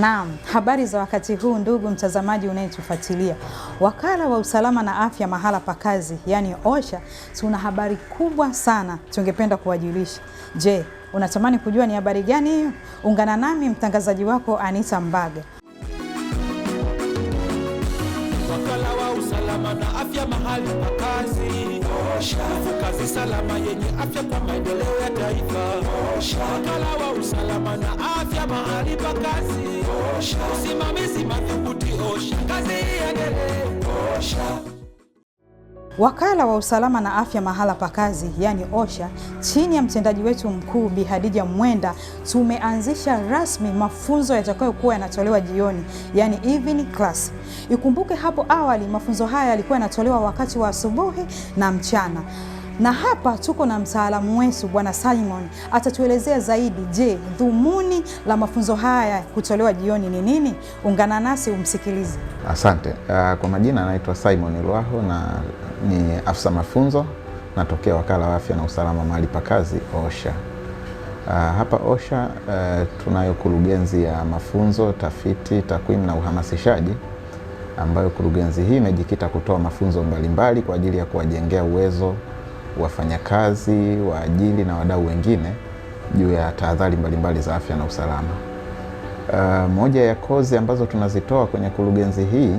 Naam, habari za wakati huu ndugu mtazamaji unayetufuatilia. Wakala wa usalama na afya mahala pa kazi, yani OSHA, tuna habari kubwa sana tungependa kuwajulisha. Je, unatamani kujua ni habari gani hiyo? Ungana nami mtangazaji wako Anita Mbaga. Wakala wa usalama na afya mahali pa kazi kazi salama yenye afya kwa maendeleo ya taifa. Wakala wa usalama na afya mahali pa kazi, usimamizi madhubuti. Osha kazi iendelee. Wakala wa usalama na afya mahala pa kazi, yani OSHA, chini ya mtendaji wetu mkuu Bi Hadija Mwenda, tumeanzisha rasmi mafunzo yatakayokuwa yanatolewa jioni, yani evening class. Ikumbuke hapo awali mafunzo haya yalikuwa yanatolewa wakati wa asubuhi na mchana na hapa tuko na mtaalamu wetu Bwana Simon atatuelezea zaidi. Je, dhumuni la mafunzo haya kutolewa jioni ni nini? Ungana nasi umsikilize. Asante. Ah, kwa majina anaitwa Simon Lwaho na ni afisa mafunzo, natokea wakala wa afya na usalama mahali pa kazi OSHA. Uh, hapa OSHA uh, tunayo kurugenzi ya mafunzo, tafiti, takwimu na uhamasishaji ambayo kurugenzi hii imejikita kutoa mafunzo mbalimbali kwa ajili ya kuwajengea uwezo wafanyakazi, waajili na wadau wengine juu ya tahadhari mbalimbali za afya na usalama. Uh, moja ya kozi ambazo tunazitoa kwenye kurugenzi hii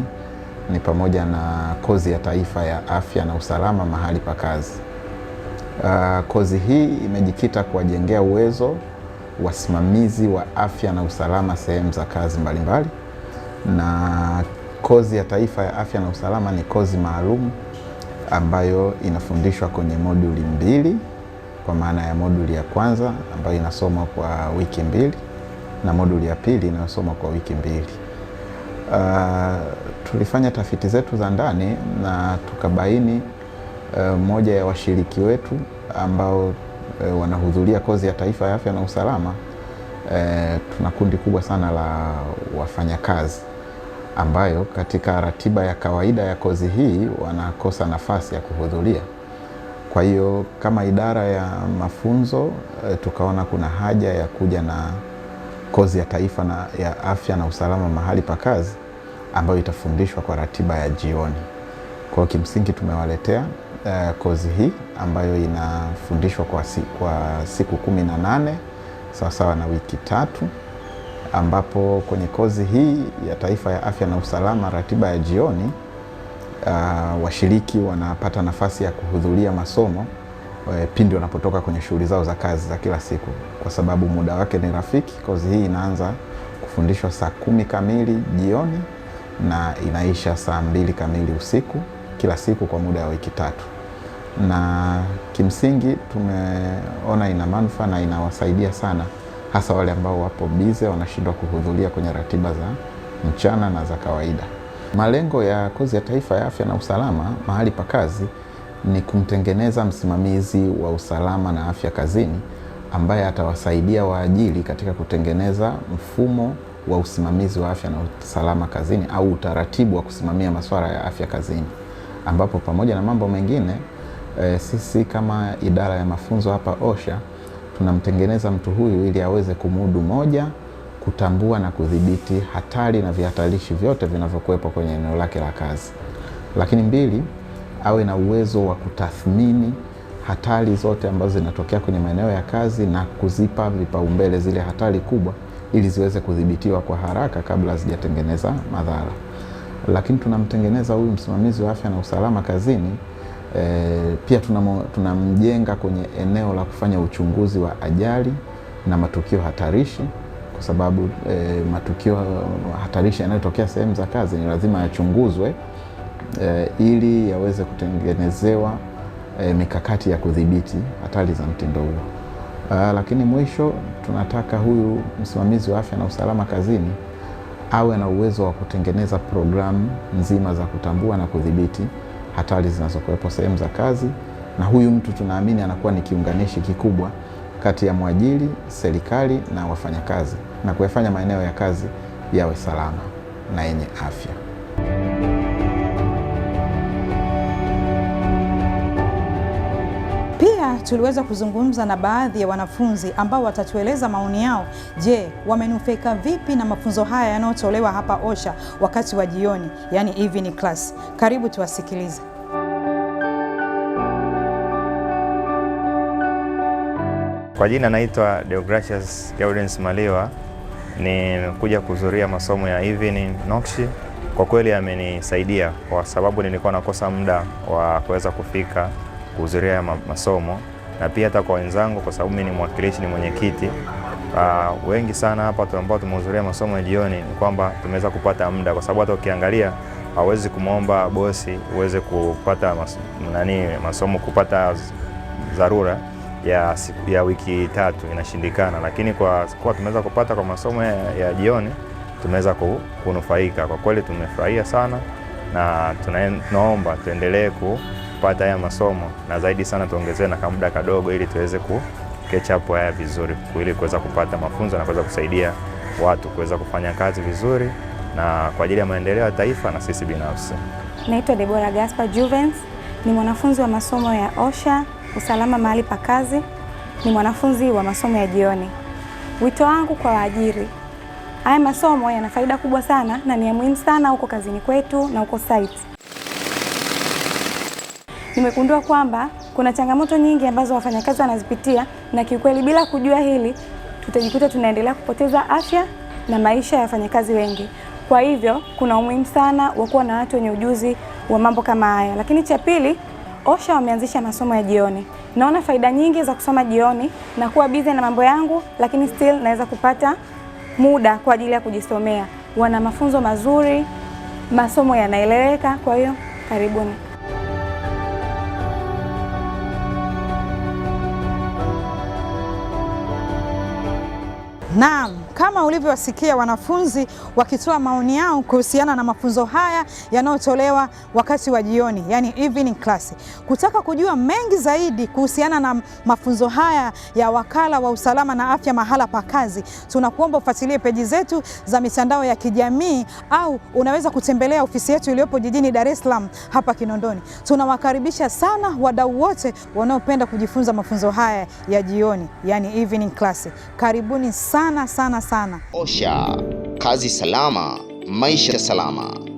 ni pamoja na kozi ya taifa ya afya na usalama mahali pa kazi. Uh, kozi hii imejikita kuwajengea uwezo wasimamizi wa afya na usalama sehemu za kazi mbalimbali mbali. Na kozi ya taifa ya afya na usalama ni kozi maalum ambayo inafundishwa kwenye moduli mbili, kwa maana ya moduli ya kwanza ambayo inasomwa kwa wiki mbili na moduli ya pili inayosomwa kwa wiki mbili. Uh, tulifanya tafiti zetu za ndani na tukabaini uh, moja ya washiriki wetu ambao uh, wanahudhuria kozi ya Taifa ya Afya na Usalama uh, tuna kundi kubwa sana la wafanyakazi ambayo katika ratiba ya kawaida ya kozi hii wanakosa nafasi ya kuhudhuria. Kwa hiyo kama idara ya mafunzo uh, tukaona kuna haja ya kuja na kozi ya taifa na ya afya na usalama mahali pa kazi ambayo itafundishwa kwa ratiba ya jioni. Kwa hiyo kimsingi tumewaletea uh, kozi hii ambayo inafundishwa kwa, si, kwa siku kumi na nane sawasawa na wiki tatu, ambapo kwenye kozi hii ya taifa ya afya na usalama ratiba ya jioni uh, washiriki wanapata nafasi ya kuhudhuria masomo Eh, pindi wanapotoka kwenye shughuli zao za kazi za kila siku, kwa sababu muda wake ni rafiki. Kozi hii inaanza kufundishwa saa kumi kamili jioni na inaisha saa mbili kamili usiku kila siku kwa muda wa wiki tatu, na kimsingi tumeona ina manufaa na inawasaidia sana, hasa wale ambao wapo bize wanashindwa kuhudhuria kwenye ratiba za mchana na za kawaida. Malengo ya kozi ya Taifa ya Afya na Usalama mahali pa Kazi ni kumtengeneza msimamizi wa usalama na afya kazini ambaye atawasaidia waajiri katika kutengeneza mfumo wa usimamizi wa afya na usalama kazini au utaratibu wa kusimamia masuala ya afya kazini, ambapo pamoja na mambo mengine e, sisi kama idara ya mafunzo hapa OSHA tunamtengeneza mtu huyu ili aweze kumudu moja, kutambua na kudhibiti hatari na vihatarishi vyote vinavyokuwepo kwenye eneo lake la kazi, lakini mbili awe na uwezo wa kutathmini hatari zote ambazo zinatokea kwenye maeneo ya kazi na kuzipa vipaumbele zile hatari kubwa ili ziweze kudhibitiwa kwa haraka kabla hazijatengeneza madhara. Lakini tunamtengeneza huyu msimamizi wa afya na usalama kazini e, pia tunamjenga kwenye eneo la kufanya uchunguzi wa ajali na matukio hatarishi kwa sababu e, matukio hatarishi yanayotokea sehemu za kazi ni lazima yachunguzwe e, ili yaweze kutengenezewa e, mikakati ya kudhibiti hatari za mtindo huo. Eh, lakini mwisho tunataka huyu msimamizi wa afya na usalama kazini awe na uwezo wa kutengeneza programu nzima za kutambua na kudhibiti hatari zinazokuwepo sehemu za kazi, na huyu mtu tunaamini anakuwa ni kiunganishi kikubwa kati ya mwajiri, serikali na wafanyakazi na kuyafanya maeneo ya kazi yawe salama na yenye afya. tuliweza kuzungumza na baadhi ya wanafunzi ambao watatueleza maoni yao. Je, wamenufaika vipi na mafunzo haya yanayotolewa hapa OSHA wakati wa jioni, yani evening class? Karibu tuwasikilize. Kwa jina naitwa Deogratius Gaudens Maliwa, nimekuja kuhudhuria masomo ya evening nokshi. Kwa kweli amenisaidia kwa sababu nilikuwa nakosa muda wa kuweza kufika kuhudhuria masomo na pia hata kwa wenzangu, kwa sababu mimi ni mwakilishi, ni mwenyekiti. Uh, wengi sana hapa ambao tumehudhuria masomo ya jioni ni kwamba tumeweza kupata muda, kwa sababu hata ukiangalia hawezi kumwomba bosi uweze kupata mas, nani masomo kupata dharura ya, ya wiki tatu inashindikana, lakini kwa kuwa tumeweza kupata kwa masomo ya, ya jioni tumeweza kunufaika. Kwa kweli tumefurahia sana na tunaomba tuendelee ku kupata haya masomo na zaidi sana tuongezee na kamuda kadogo, ili tuweze ku catch up haya vizuri, ili kuweza kupata mafunzo na kuweza kusaidia watu kuweza kufanya kazi vizuri na kwa ajili ya maendeleo ya taifa na sisi binafsi. Naitwa Debora Gaspar Juvens, ni mwanafunzi wa masomo ya OSHA usalama mahali pa kazi, ni mwanafunzi wa masomo ya jioni. Wito wangu kwa waajiri, haya masomo yana faida kubwa sana na ni ya muhimu sana huko kazini kwetu na huko site nimegundua kwamba kuna changamoto nyingi ambazo wafanyakazi wanazipitia, na kiukweli, bila kujua hili, tutajikuta tunaendelea kupoteza afya na maisha ya wafanyakazi wengi. Kwa hivyo, kuna umuhimu sana wa kuwa na watu wenye ujuzi wa mambo kama haya. Lakini cha pili, OSHA wameanzisha masomo ya jioni. Naona faida nyingi za kusoma jioni na kuwa busy na mambo yangu, lakini still naweza kupata muda kwa ajili ya kujisomea. Wana mafunzo mazuri, masomo yanaeleweka, kwa hiyo karibuni. não Kama ulivyowasikia wanafunzi wakitoa maoni yao kuhusiana na mafunzo haya yanayotolewa wakati wa jioni, yani evening class. Kutaka kujua mengi zaidi kuhusiana na mafunzo haya ya wakala wa usalama na afya mahala pa kazi, tunakuomba ufuatilie peji zetu za mitandao ya kijamii au unaweza kutembelea ofisi yetu iliyopo jijini Dar es Salaam hapa Kinondoni. Tunawakaribisha sana wadau wote wanaopenda kujifunza mafunzo haya ya jioni, yani evening class. Karibuni sana sana sana. Osha, kazi salama, maisha salama.